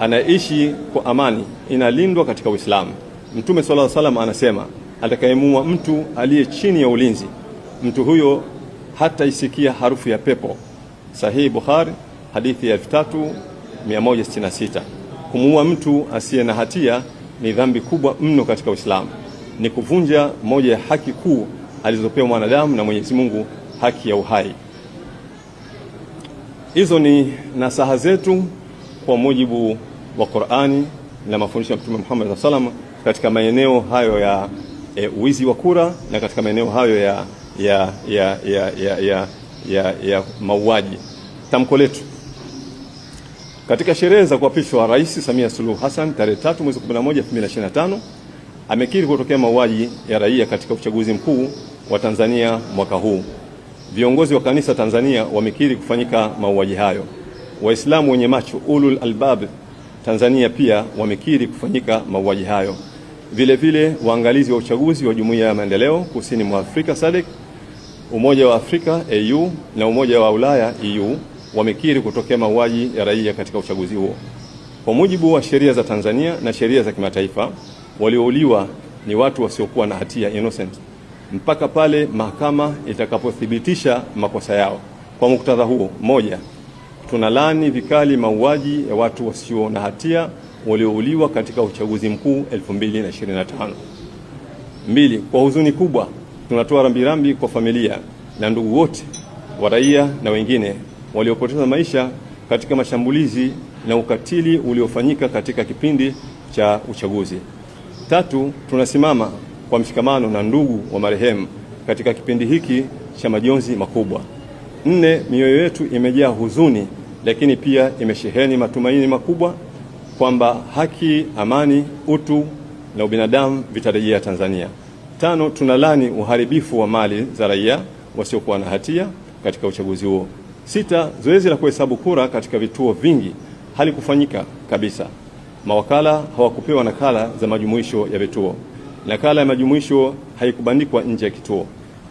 anaishi kwa amani inalindwa katika Uislamu. Mtume sallallahu alaihi wasallam anasema atakayemuua mtu aliye chini ya ulinzi, mtu huyo hataisikia harufu ya pepo. Sahihi Bukhari, hadithi ya 3166. Kumuua mtu asiye na hatia ni dhambi kubwa mno katika Uislamu, ni kuvunja moja ya haki kuu alizopewa mwanadamu na Mwenyezi Mungu, haki ya uhai. Hizo ni nasaha zetu kwa mujibu wa Qur'ani na mafundisho ya Mtume Muhammad SAW katika maeneo hayo ya e, wizi wa kura na katika maeneo hayo ya, ya, ya, ya, ya, ya, ya, ya mauaji. Tamko letu katika sherehe za kuapishwa Rais Samia Suluhu Hassan tarehe 3 mwezi 11 2025, amekiri kutokea mauaji ya raia katika uchaguzi mkuu wa Tanzania mwaka huu. Viongozi wa kanisa Tanzania wamekiri kufanyika mauaji hayo. Waislamu wenye macho ulul albab Tanzania pia wamekiri kufanyika mauaji hayo. Vile vile waangalizi wa uchaguzi wa Jumuiya ya Maendeleo Kusini mwa Afrika SADC, Umoja wa Afrika AU na Umoja wa Ulaya EU wamekiri kutokea mauaji ya raia katika uchaguzi huo. Kwa mujibu wa sheria za Tanzania na sheria za kimataifa, waliouliwa ni watu wasiokuwa na hatia innocent, mpaka pale mahakama itakapothibitisha makosa yao. Kwa muktadha huo, moja tunalani vikali mauaji ya watu wasio na hatia waliouliwa katika uchaguzi mkuu 2025. Mbili, kwa huzuni kubwa tunatoa rambirambi kwa familia na ndugu wote wa raia na wengine waliopoteza maisha katika mashambulizi na ukatili uliofanyika katika kipindi cha uchaguzi. Tatu, tunasimama kwa mshikamano na ndugu wa marehemu katika kipindi hiki cha majonzi makubwa. Nne, mioyo yetu imejaa huzuni lakini pia imesheheni matumaini makubwa kwamba haki, amani, utu na ubinadamu vitarejea Tanzania. Tano, tunalani uharibifu wa mali za raia wasiokuwa na hatia katika uchaguzi huo. Sita, zoezi la kuhesabu kura katika vituo vingi halikufanyika kabisa. Mawakala hawakupewa nakala za majumuisho ya vituo. Nakala ya majumuisho haikubandikwa nje ya kituo.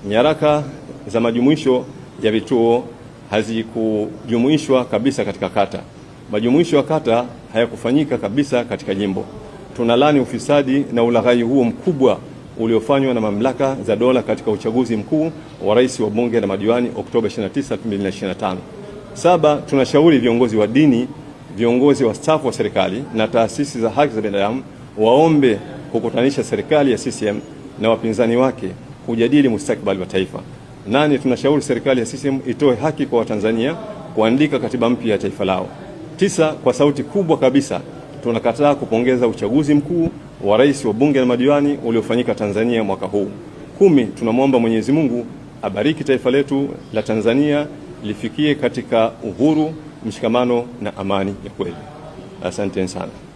Nyaraka za majumuisho ya vituo hazikujumuishwa kabisa katika kata. Majumuisho ya kata hayakufanyika kabisa katika jimbo. Tunalani ufisadi na ulaghai huo mkubwa uliofanywa na mamlaka za dola katika uchaguzi mkuu wa rais wa bunge na madiwani Oktoba 29, 2025. Saba, tunashauri viongozi wa dini, viongozi wa staff wa serikali na taasisi za haki za binadamu waombe kukutanisha serikali ya CCM na wapinzani wake kujadili mustakabali wa taifa nane, tunashauri serikali ya CCM itoe haki kwa Watanzania kuandika katiba mpya ya taifa lao. Tisa, kwa sauti kubwa kabisa tunakataa kupongeza uchaguzi mkuu wa rais wa bunge na madiwani uliofanyika Tanzania mwaka huu. Kumi, tunamwomba Mwenyezi Mungu abariki taifa letu la Tanzania lifikie katika uhuru, mshikamano na amani ya kweli. Asanteni sana.